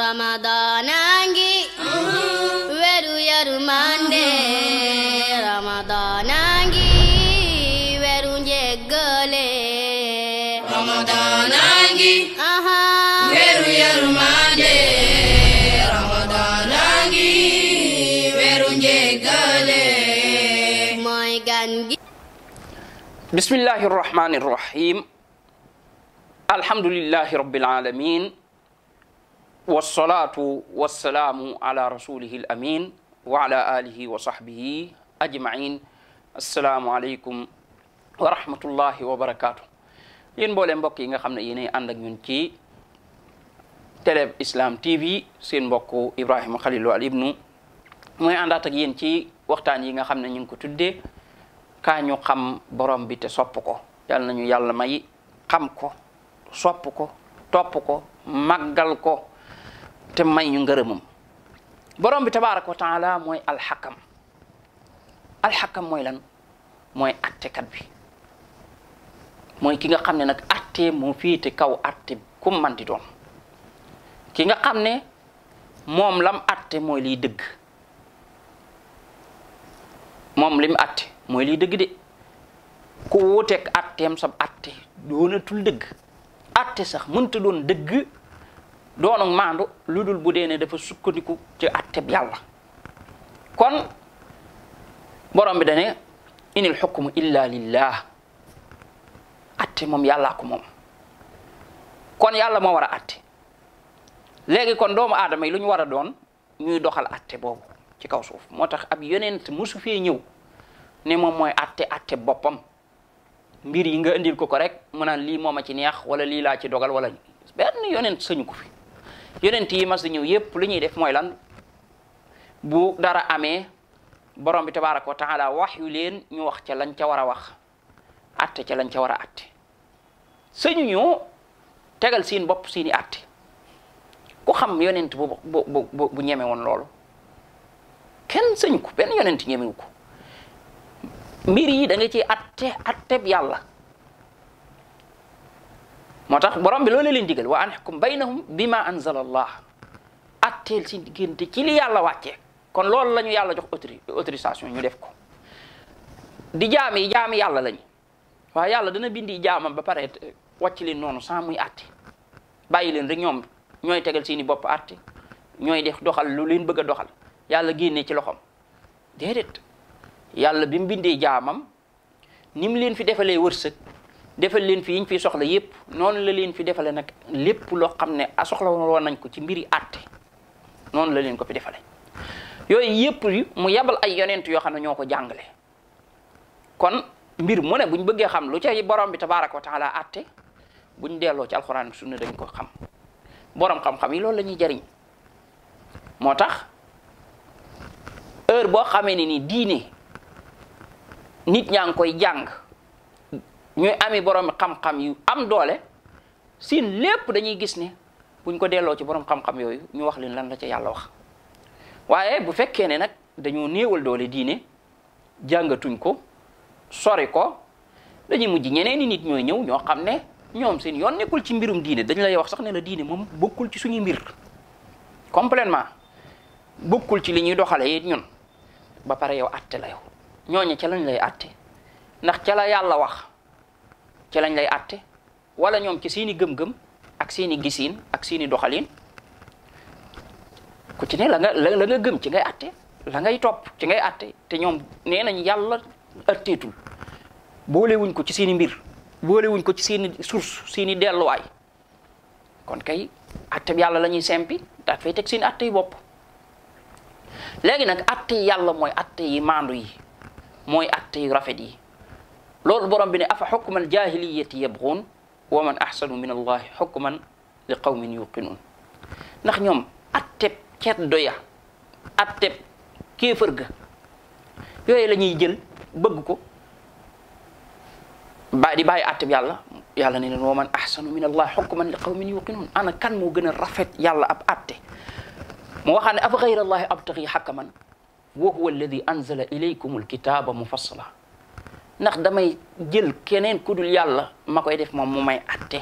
ramadaanangi weru yaru mande ramadaanangi mooy gan gi bismillahir rahmanir rahim alhamdulillahi rabbil alamin wassalatu wassalamu ala rasulihil amin wa ala alihi wa sahbihi ajma'in assalamu alaikum wa rahmatullahi wa barakatuh yéen mboolee mbokk yi nga xam ne yéenay ak ñun ci télé islam tv seen mbokk ibrahim xalilu al ibnu mooy àndaat ak yéen ci waxtaan yi nga xam ne ñu ngi ko tuddee kaa ñu xam borom bi te sopp ko yàlla nañu yàlla may xam ko sopp ko ko ko te may ñu moom borom bi tabaaraka wa taala mooy alxakam alxakam mooy lan mooy attekat bi mooy ki nga xam ne nag atte moo féete kaw atte ku man di ki nga xam ne moom lam atte mooy liy dëgg moom lim atte mooy liy dëgg de ku wuuteeg atteem sab atte doonatul dëgg atte sax mënta doon dëgg doonu maandu lu dul bu dee ne dafa sukkandiku ci atteb yàlla kon borom bi dane inil xukmu illa lillah atte moom yàllaa ako moom kon yàlla moo war a atte léegi kon doomu aadama yi lu ñu war a doon ñuy doxal atte boobu ci kaw suuf moo tax ab yonent musu fee ñëw ne moom mooy atte atte boppam mbir yi nga indil ko ko rek mu naan lii moom a ci neex wala lii laa ci dogal wala benn yonent sañu ko fi yonent yi ma di ñëw yëpp lu ñuy def mooy lan bu dara amee borom bi tabaraka wa taala wax yu leen ñu wax ca lañ ca war a wax atte ca lañ ca war a atte sëñu ñu tegal seen bopp seeni atte ku xam yonent bu bu bu loolu kenn sëñ ko benn yonent ñemewu ko mbir yi danga nga ci atte atteb yàlla moo tax borom bi loolu leen digal wa an xukkum baynahum bima anzala allah atteel si diggante ci li yàlla wàcce kon loolu la ñu yàlla jox autori autorisation ñu def ko di jaam yi jaami yàlla lañu waa yàlla dana bindi jaamam ba pare wàcc leen noonu sans muy atte bàyyi leen rek ñoom ñooy tegal seeni bopp atte ñooy def doxal lu leen bëgg a doxal yàlla génnee ci loxoom déedéet yàlla bi mu bindee jaamam ni mu leen fi defalee wërsëg defal leen fi yiñ fi soxla yépp noonu la leen fi defale nag lépp loo xam ne a soxla woon nañ ko ci mbir yi àtte noonu la leen ko fi defale yooyu yépp mu yabal ay yonent yoo xam ne ñoo ko jàngale kon mbir mu ne buñ bëggee xam lu ca borom bi tabaaraka wa taala àtte buñ delloo ci alxuraan sunna dañ ko xam borom xam-xam yi loolu lañuy jariñ moo tax heure boo xamee ne ni diine nit ñaa ngi koy jàng ñuy ami borom xam-xam yu am doole siin lépp dañuy gis ne buñ ko delloo ci boroom xam-xam yooyu ñu wax leen lan la ca yàlla wax waaye bu fekkee ne nag dañoo néewal doole diine jàngatuñ ko sori ko dañuy mujj ñeneen i nit ñooy ñëw ñoo xam ne ñoom seen yoon nekkul ci mbirum diine dañ lay wax sax ne la diine moom bokkul ci suñu mbir complètement bokkul ci li ñuy doxale it ñun ba pare yow atte la yow ñooñu ca lañ lay atte ndax cala yàlla wax ci lañ lay atté wala ñom ci seeni gëm-gëm ak seeni gisine ak seeni doxalin ku ci ne la nga la nga gëm ci ngay atté la ngay top ci ngay atté té ñom nee nañ yàlla atteetul wuñ ko ci seeni mbir wuñ ko ci seeni source seeni way kon kay atté yalla lañuy sempi da fay tek seeni atté yi bopp nak nag àtte moy mooy yi mandu yi moy atté yu rafet yi loolu borom bi ne afa xukman jaahiliyati yabxuun wa man axsanu min allahi xukman li qawmin yuqinuun ndax ñoom atteb ceddo ya atteb kéefër ga yooyu la ñuy jël bëgg ko ba di bàyyi atteb yàlla yàlla ne leen wa man axsanu min allahi xukman li qawmin yuqinuun ana kan moo gën a rafet yàlla ab atte mu waxaa ne afa xayra allahi abtaxi xakaman wa huwa alladi anzala ilaykum alkitaba mufassala ndax damay jël keneen ku dul yàlla ma koy def moom mu may atte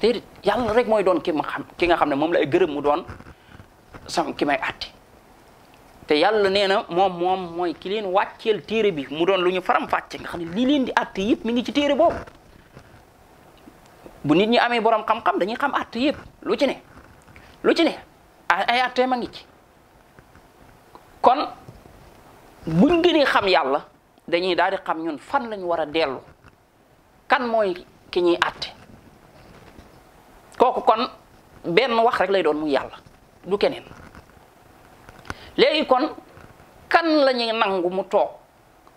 déedéet yàlla rek mooy doon ki ma xam ki nga xam ne moom lay gërëm mu doon sam ki may atte te yàlla nee na moom moom mooy ki leen wàcceel téere bi mu doon lu ñu faram fàcce nga xam ne lii leen di atte yëpp mu ngi ci téere boobu bu nit ñi amee borom xam-xam dañuy xam atte yëpp lu ci ne lu ci ne ay atte ma ngi ci kon buñ gënee xam yàlla dañuy daal di xam ñun fan lañu war a dellu kan mooy ki ñuy àtte kooku kon benn wax rek lay doon mu yàlla du keneen léegi kon kan lañuy nangu mu toog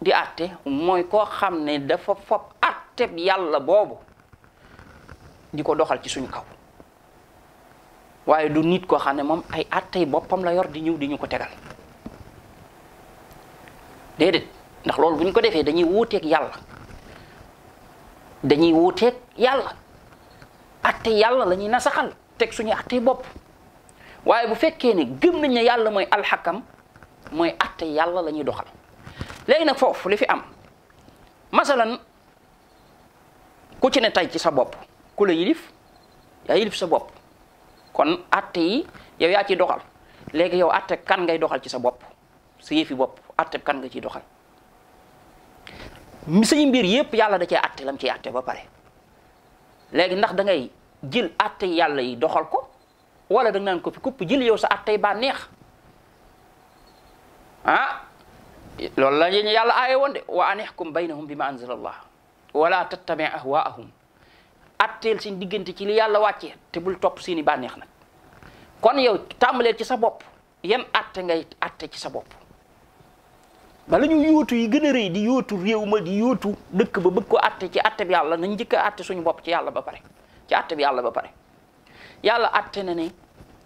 di àtte mooy koo xam ne dafa fob àtte yàlla boobu di ko doxal ci suñ kaw waaye du nit ko xam ne moom ay àtte boppam la yor di ñëw di ñu ko tegal déedéet ndax loolu bu ñu ko defee dañuy wuuteeg yàlla dañuy wuuteeg yàlla atte yàlla la ñuy nasaxal teg suñu atte bopp waaye bu fekkee ne gëm nañ na yàlla mooy alxakam mooy atte yàlla la ñuy doxal léegi nag foofu li fi am masalan ku ci ci sa bopp ku la yilif sa bopp kon atte yi yow yaa ciy doxal léegi yow atte kan ngay doxal ci sa bopp sa yëfi bopp atte kan nga ciy doxal suñu mbir yépp yàlla da ce atte lam ciy atte ba pare léegi ndax dangay ngay jël atte yàlla yi doxal ko wala da nga naan ko fi kupp jël yow sa attey ba neex ah loolu la ñu yàlla aaye woon de wa an ixkum baynahum bi ma anzala allah wala tattabi ahwaahum atteel seen diggante ci li yàlla wàccee te bul topp seeni bànneex nag kon yow tàmbaleel ci sa bopp yan atte ngay atte ci sa bopp bala ñu yóotu yi gën a rëy di yootu réew ma di yootu dëkk ba bëgg ko atte ci atte bi yàlla nañ njëkk a atte suñu bopp ci yàlla ba pare ci atte bi yàlla ba pare yàlla atte na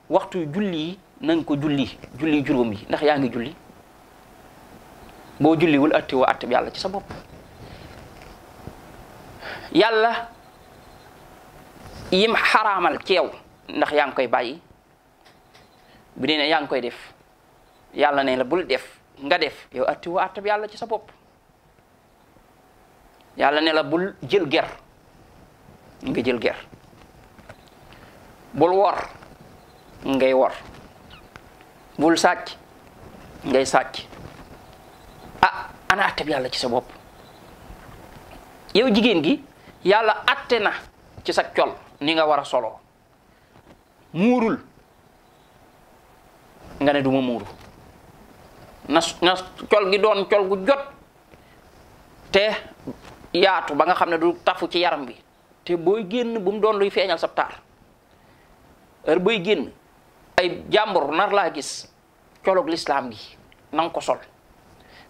waxtu julli yi nañ ko julli julli juróom yi ndax yaa ngi julli boo julliwul atte woo atte bi yàlla ci sa bopp yàlla yim xaraamal ci yow ndax yaa ngi koy bay bu dee ne yaa ngi koy def yàlla ne la bul def nga def yow atta bi yalla ci sa bop yalla ne la bul jël guer nga jël guer bul wor ngay wor bul sacc ngay sacc ah ana bi yalla ci sa bop yow jigen gi yalla atté na ci sa col ni nga wara solo murul nga ne duma nas nas col gi doon col gu jot te yaatu ba nga xamne du tafu ci yaram bi te boy genn bu mu doon luy feñal sa tar er boy genn ay jàmbur nar la gis colok l'islam gi nang ko sol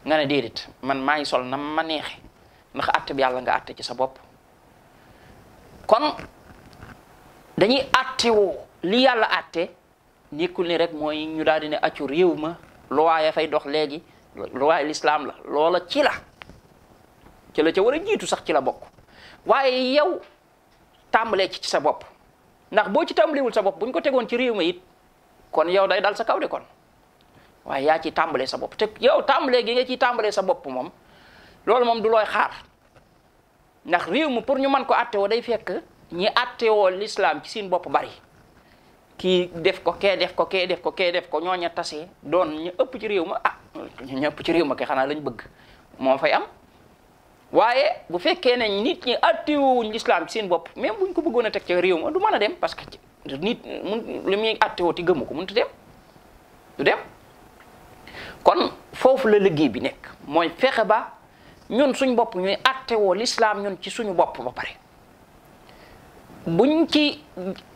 nga ne dedit man maa ngi sol na ma neexe ndax àtte bi yalla nga àtte ci sa bop kon dañuy atté wo li yalla atté nekul ni rek moy ñu daal dina accu rewuma ma luwaa ya fay dox léegi luwaay lislaam la loola ci la ci la ca war a jiitu sax ci la bokk waaye yow tàmbalee ci sa bopp ndax boo ci tàmbaliwul sa bopp buñ ko tegoon ci réew mi it kon yow day dal sa kaw kon waaye yaa ciy tàmbalee sa bopp te yow tàmbalee gi nga ciy tàmbalee sa bopp moom loolu moom du looy xaar ndax réew mi pour ñu mën ko attewoo day fekk ñi attewoo lislaam ci seen bopp bari ki def ko ke def ko ke def ko ke def ko ñoña tassé doon ñu ëpp ci réew ma ah ñu ëpp ci réew ma kay xana lañ bëgg mo fay am waaye bu fekkee ne nit ñi wu ñu islam seen bop même buñ ko bëggona tek ci réew ma du mëna dem parce que nit mun mi atti wu ti gëm ko mënut dem du dem kon fofu la liggé bi nek moy fexé ba ñun suñ bopp ñuy wo l'islam ñun ci suñu bop ba paré buñ ci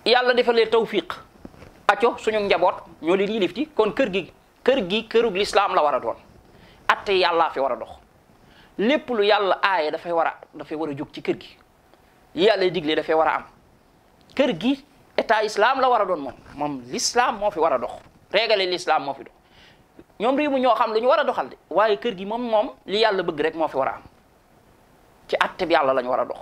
yalla defalé tawfiq acho suñu njabot ño leen lifti, ci kon kër gi kër gi kërug l'islam la wara a doon atte yàllaa fi wara fe dox lepp lu yalla ayé da fay wara da fay wara juk ci kër gi yalla diglé da fay wara am kër gi état islam la wara a doon mom l'islam mo fi wara dox régalé l'islam mo fi dox ñom réew mu ñoo xam luñu wara doxal dé wayé kër gi mom mom li yalla bëgg rek mo fi wara am ci atte bi yalla lañu wara dox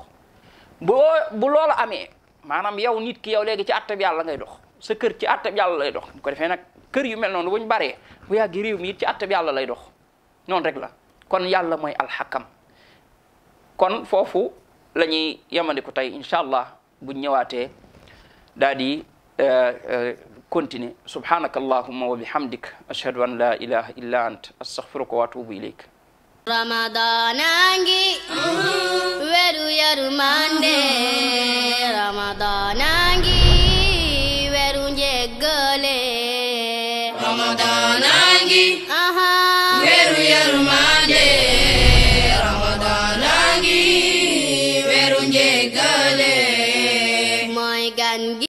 bu bu loolu amé manam yow nit ki yow légui ci atte bi yalla ngay dox sa kër ci àttab yàlla lay dox ko defee nag kër yu mel noonu bu ñu baree bu yàgg réew mi it ci àttab yàlla lay dox noonu rek la kon yàlla mooy alxakam kon foofu la ñuy yemandiku tey incha allah buñ ñëwaatee daal di euh, euh, continuer subhanaka allahumma wa bihamdik ashhadu an la ilaha illa ant astaghfiruka wa atubu ilayk